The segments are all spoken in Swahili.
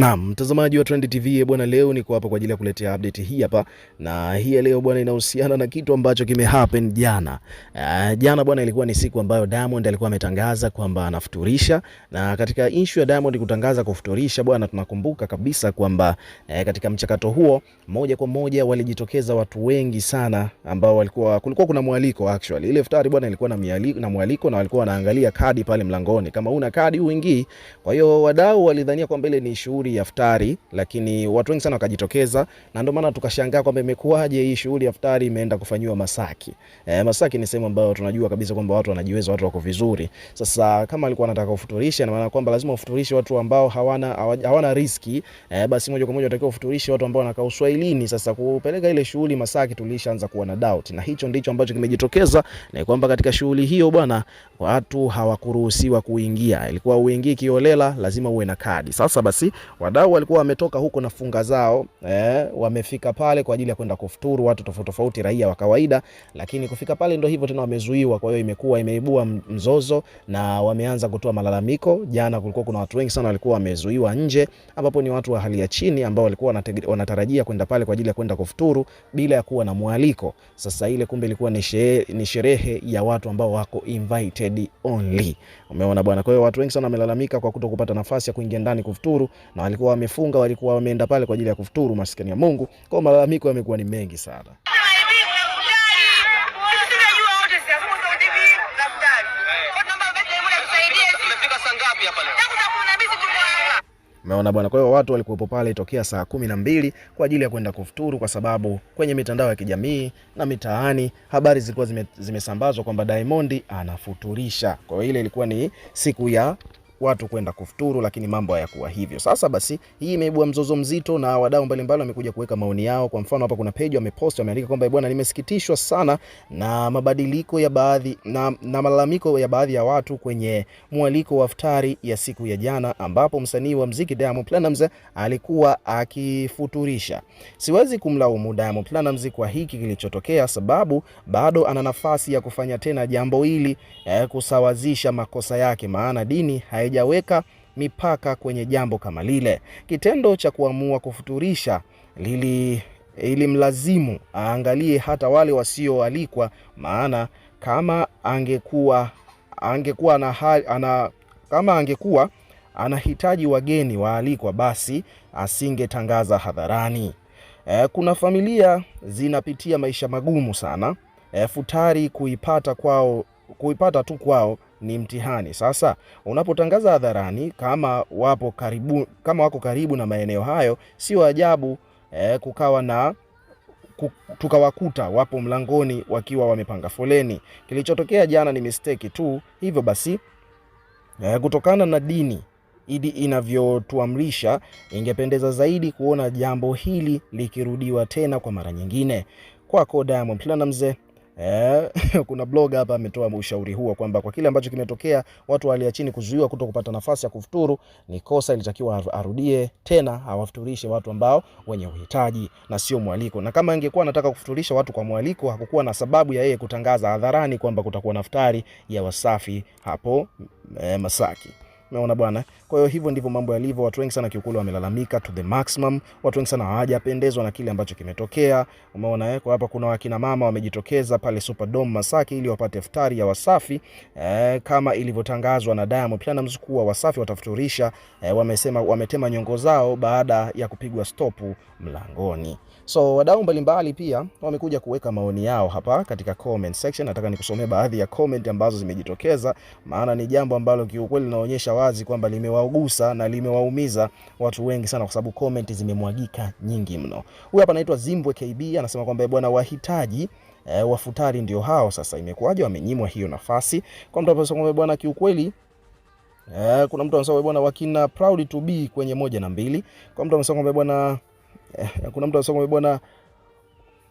Naam, mtazamaji wa Trend TV eh, bwana, leo niko hapa kwa ajili ya kuletea update hii hapa, na hii ya leo bwana inahusiana na kitu ambacho kime happen jana. Uh, jana bwana ilikuwa ni siku ambayo Diamond alikuwa ametangaza kwamba anafuturisha, na katika issue ya Diamond kutangaza kufuturisha bwana, tunakumbuka kabisa kwamba uh, katika mchakato huo moja kwa moja walijitokeza watu wengi sana ambao walikuwa, kulikuwa kuna mwaliko actually. Ile iftari bwana ilikuwa na, mwaliko na mwaliko na walikuwa wanaangalia kadi pale mlangoni, kama una kadi uingii. Kwa hiyo wadau walidhania kwamba ile ni shughuli shughuli ya iftari, lakini watu wengi sana wakajitokeza, na ndio maana tukashangaa kwamba imekuwaje hii shughuli ya iftari imeenda kufanywa Masaki. E, Masaki ni sehemu ambayo tunajua kabisa kwamba watu wanajiweza, watu wako vizuri. Sasa kama alikuwa anataka kufuturisha, na maana kwamba lazima ufuturishe watu ambao hawana hawana riski e, basi moja kwa moja unatakiwa ufuturishe watu ambao wanakaa uswahilini. Sasa kupeleka ile shughuli Masaki, tulishaanza kuwa na doubt, na hicho ndicho ambacho kimejitokeza, na kwamba katika shughuli hiyo bwana, watu hawakuruhusiwa kuingia, ilikuwa uingii kiolela, lazima uwe na kadi. Sasa basi Wadau walikuwa wametoka huko na funga zao eh, wamefika pale kwa ajili ya kwenda kufuturu watu tofauti tofauti, raia wa kawaida, lakini kufika pale ndo hivyo tena, wamezuiwa. Kwa hiyo imekuwa imeibua mzozo na wameanza kutoa malalamiko. Jana kulikuwa kuna watu wengi sana walikuwa wamezuiwa nje, ambapo ni watu wa hali ya chini ambao walikuwa wanatarajia kwenda pale kwa ajili ya kwenda kufuturu bila ya kuwa na mwaliko. Sasa ile kumbe ilikuwa ni sherehe ya watu ambao wako invited only, umeona bwana. Kwa hiyo watu wengi sana wamelalamika kwa kutokupata nafasi ya kuingia ndani kufuturu na alikuwa wamefunga, walikuwa wameenda pale kwa ajili ya kufuturu, maskani ya Mungu. Kwa malalamiko yamekuwa ni mengi sana. Umeona bwana. Kwa hiyo watu walikuwepo pale tokea saa kumi na mbili kwa ajili ya kwenda kufuturu, kwa sababu kwenye mitandao ya kijamii na mitaani habari zilikuwa zimesambazwa zime kwamba Diamond anafuturisha. Kwa hiyo ile ilikuwa ni siku ya watu kwenda kufuturu, lakini mambo hayakuwa hivyo. Sasa basi, hii imeibua mzozo mzito na wadau mbalimbali wamekuja kuweka maoni yao. Kwa mfano, hapa kuna page wamepost, wameandika kwamba bwana, nimesikitishwa sana na mabadiliko ya baadhi na, na malalamiko ya baadhi ya watu kwenye mwaliko wa futari ya siku ya jana, ambapo msanii wa mziki Diamond Platnumz alikuwa akifuturisha. Siwezi kumlaumu Diamond Platnumz kwa hiki kilichotokea, sababu bado ana nafasi ya kufanya tena jambo hili eh, kusawazisha makosa yake, maana dini hai haijaweka mipaka kwenye jambo kama lile. Kitendo cha kuamua kufuturisha lili ilimlazimu aangalie hata wale wasioalikwa, maana kama angekuwa angekuwa hali, ana, kama angekuwa anahitaji wageni waalikwa, basi asingetangaza hadharani. E, kuna familia zinapitia maisha magumu sana. E, futari kuipata kwao, kuipata tu kwao ni mtihani. Sasa unapotangaza hadharani, kama wapo karibu, kama wako karibu na maeneo hayo, sio ajabu eh, kukawa na tukawakuta wapo mlangoni wakiwa wamepanga foleni. Kilichotokea jana ni mistake tu. Hivyo basi, eh, kutokana na dini idi inavyotuamrisha, ingependeza zaidi kuona jambo hili likirudiwa tena kwa mara nyingine. Kwako Diamond Platnumz. Eh, kuna blog hapa ametoa ushauri huo kwamba kwa kile ambacho kimetokea watu wa chini kuzuiwa kuto kupata nafasi ya kufuturu ni kosa, ilitakiwa arudie tena awafuturishe watu ambao wenye uhitaji na sio mwaliko. Na kama angekuwa anataka kufuturisha watu kwa mwaliko, hakukuwa na sababu ya yeye kutangaza hadharani kwamba kutakuwa na ya Wasafi hapo eh, Masaki. Umeona bwana. Kwa hiyo hivyo ndivyo mambo yalivyo. Watu wengi sana kiukulu wamelalamika to the maximum. Watu wengi sana hawajapendezwa na kile ambacho kimetokea. Umeona eh, kwa hapa kuna wakina mama wamejitokeza pale Superdome Masaki ili wapate iftari ya Wasafi eh, kama ilivyotangazwa na Diamond Platnumz kuwa Wasafi watafuturisha eh, wamesema wametema nyongo zao baada ya kupigwa stopu mlangoni. So wadau mbalimbali pia wamekuja kuweka maoni yao hapa katika comment section. Nataka nikusomee baadhi ya comment ambazo zimejitokeza, maana ni jambo ambalo kiukweli linaonyesha wazi kwamba limewagusa na limewaumiza watu wengi sana, kwa sababu comment zimemwagika nyingi mno. Huyu hapa anaitwa Zimbwe KB anasema kwamba bwana, wahitaji e, wafutari ndio hao sasa, imekuwaje wamenyimwa hiyo nafasi? Kwa mtu anasema bwana, kiukweli e, kuna mtu anasema bwana, wakina proud to be kwenye moja na mbili. Kwa mtu anasema bwana e, kuna mtu anasema bwana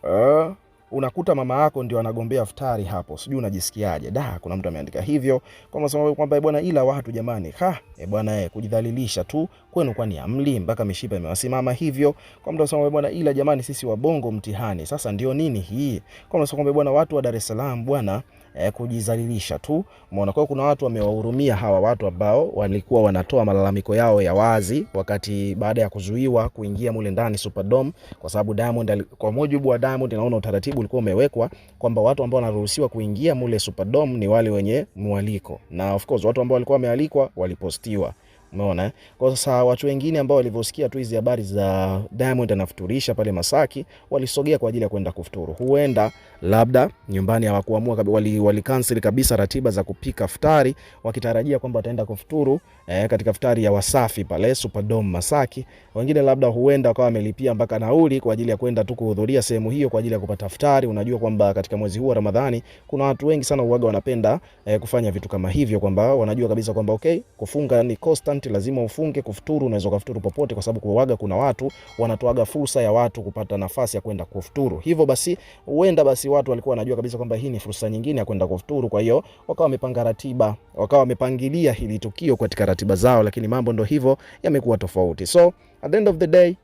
e, unakuta mama yako ndio anagombea futari hapo, sijui unajisikiaje? Da, kuna mtu ameandika hivyo kwa sababu kwamba eh, bwana, ila watu jamani, ha e bwana, e, kujidhalilisha tu kwenu, kwani amli mpaka mishipa imewasimama hivyo? Kwa mtu anasema bwana, ila jamani, sisi wabongo mtihani sasa ndio nini hii? Kwa mtu anasema bwana, watu wa Dar es Salaam bwana E, kujizalilisha tu umeona. Kwa kuna watu wamewahurumia hawa watu ambao walikuwa wanatoa malalamiko yao ya wazi wakati baada ya kuzuiwa kuingia mule ndani Superdome, kwa sababu Diamond, kwa mujibu wa Diamond, naona utaratibu sababu ulikuwa umewekwa kwamba watu ambao wanaruhusiwa kuingia mule Superdome ni wale wenye mwaliko, na of course watu ambao walikuwa wamealikwa walipostiwa. Umeona? Eh? Kwa sasa watu wengine ambao walivyosikia tu hizi habari za Diamond anafuturisha pale Masaki walisogea kwa ajili ya kwenda kufuturu. Huenda labda nyumbani hawakuamua wali, wali cancel kabisa ratiba za kupika futari wakitarajia kwamba wataenda kufuturu eh, katika futari ya Wasafi pale Superdome Masaki. Wengine labda huenda wakawa wamelipia mpaka nauli kwa ajili ya kwenda tu kuhudhuria sehemu hiyo kwa ajili ya kupata futari. Unajua kwamba katika mwezi huu wa Ramadhani kuna watu wengi sana uwaga wanapenda eh, kufanya vitu kama hivyo kwamba wanajua kabisa kwamba okay, kufunga ni constant akaunti lazima ufunge. Kufuturu unaweza kufuturu popote, kwa sababu kuwaga kuna watu wanatoaga fursa ya watu kupata nafasi ya kwenda kufuturu. Hivyo basi, huenda basi watu walikuwa wanajua kabisa kwamba hii ni fursa nyingine ya kwenda kufuturu, kwa hiyo wakawa wamepanga ratiba, wakawa wamepangilia hili tukio katika ratiba zao, lakini mambo ndo hivyo yamekuwa tofauti. So at the end of the day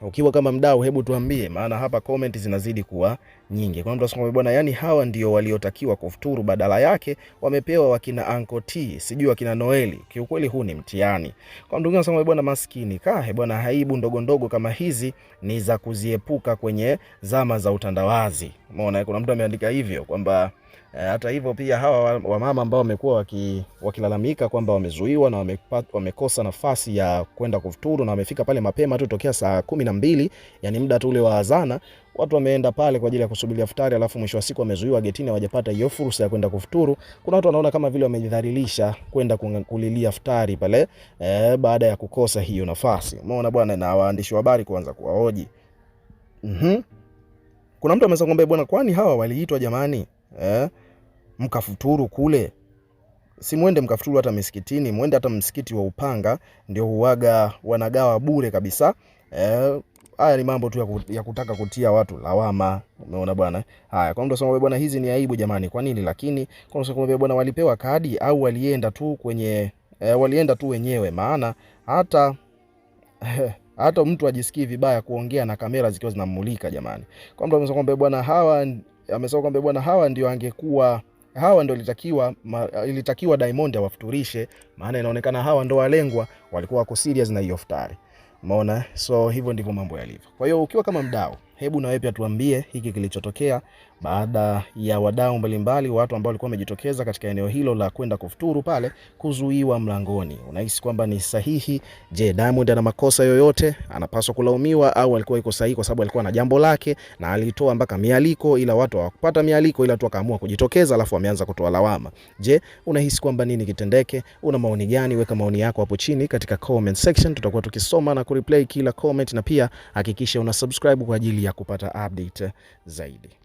ukiwa kama mdau, hebu tuambie, maana hapa comment zinazidi kuwa nyingi. Kwa mtu asema bwana, yani hawa ndio waliotakiwa kufuturu, badala yake wamepewa wakina Anko T, sijui wakina Noeli. Kiukweli huu ni mtihani kwa mtu. mwingine Anasema bwana, maskini kae bwana, haibu ndogo ndogo kama hizi ni za kuziepuka kwenye zama za utandawazi. Umeona, kuna mtu ameandika hivyo kwamba eh, hata hivyo pia hawa wamama ambao wamekuwa waki, wakilalamika kwamba wamezuiwa na wamekosa nafasi ya kwenda kufuturu na wamefika pale mapema tu tokea saa kumi na mbili, yani muda tu ule wa azana, watu wameenda pale kwa ajili ya kusubiria futari, alafu mwisho wa siku wamezuiwa getini, hawajapata hiyo fursa ya kwenda kufuturu. Kuna watu wanaona kama vile wamejidhalilisha kwenda kulilia futari pale e, baada ya kukosa hiyo nafasi. Umeona bwana, na waandishi wa habari kuanza kuwahoji mm-hmm. Kuna mtu ameweza kumwambia bwana, kwani hawa waliitwa jamani, eh, mkafuturu kule si mwende mkafuturu hata misikitini, mwende hata msikiti wa Upanga, ndio huaga wanagawa bure kabisa eh, haya ni mambo tu ya, kutaka kutia watu lawama. Umeona bwana, haya kwa mtu asema bwana, hizi ni aibu jamani, kwa nini? Lakini kwa mtu asema bwana, walipewa kadi au walienda tu kwenye e, walienda tu wenyewe, maana hata hata mtu ajisikii vibaya kuongea na kamera zikiwa zinamulika jamani. Kwa mtu amesema kwamba bwana hawa amesema kwamba bwana hawa ndio angekuwa hawa ndio ilitakiwa, ma, ilitakiwa Diamond awafuturishe, maana inaonekana hawa ndio walengwa walikuwa wako serious na hiyo futari. Umeona, so hivyo ndivyo mambo yalivyo. Kwa hiyo ukiwa kama mdau, hebu na wewe pia tuambie hiki kilichotokea baada ya wadau mbalimbali, watu ambao walikuwa wamejitokeza katika eneo hilo la kwenda kufuturu pale kuzuiwa mlangoni. Unahisi kwamba ni sahihi? Je, Diamond ana makosa yoyote, anapaswa kulaumiwa au alikuwa yuko sahihi kwa sababu alikuwa na jambo lake na alitoa mpaka mialiko, ila watu hawakupata mialiko, ila tu akaamua kujitokeza, alafu ameanza kutoa lawama. Je, unahisi kwamba nini kitendeke? Una maoni gani? Weka maoni yako hapo chini katika comment section, tutakuwa tukisoma na kureplay kila comment, na pia hakikisha una subscribe kwa ajili ya kupata update zaidi.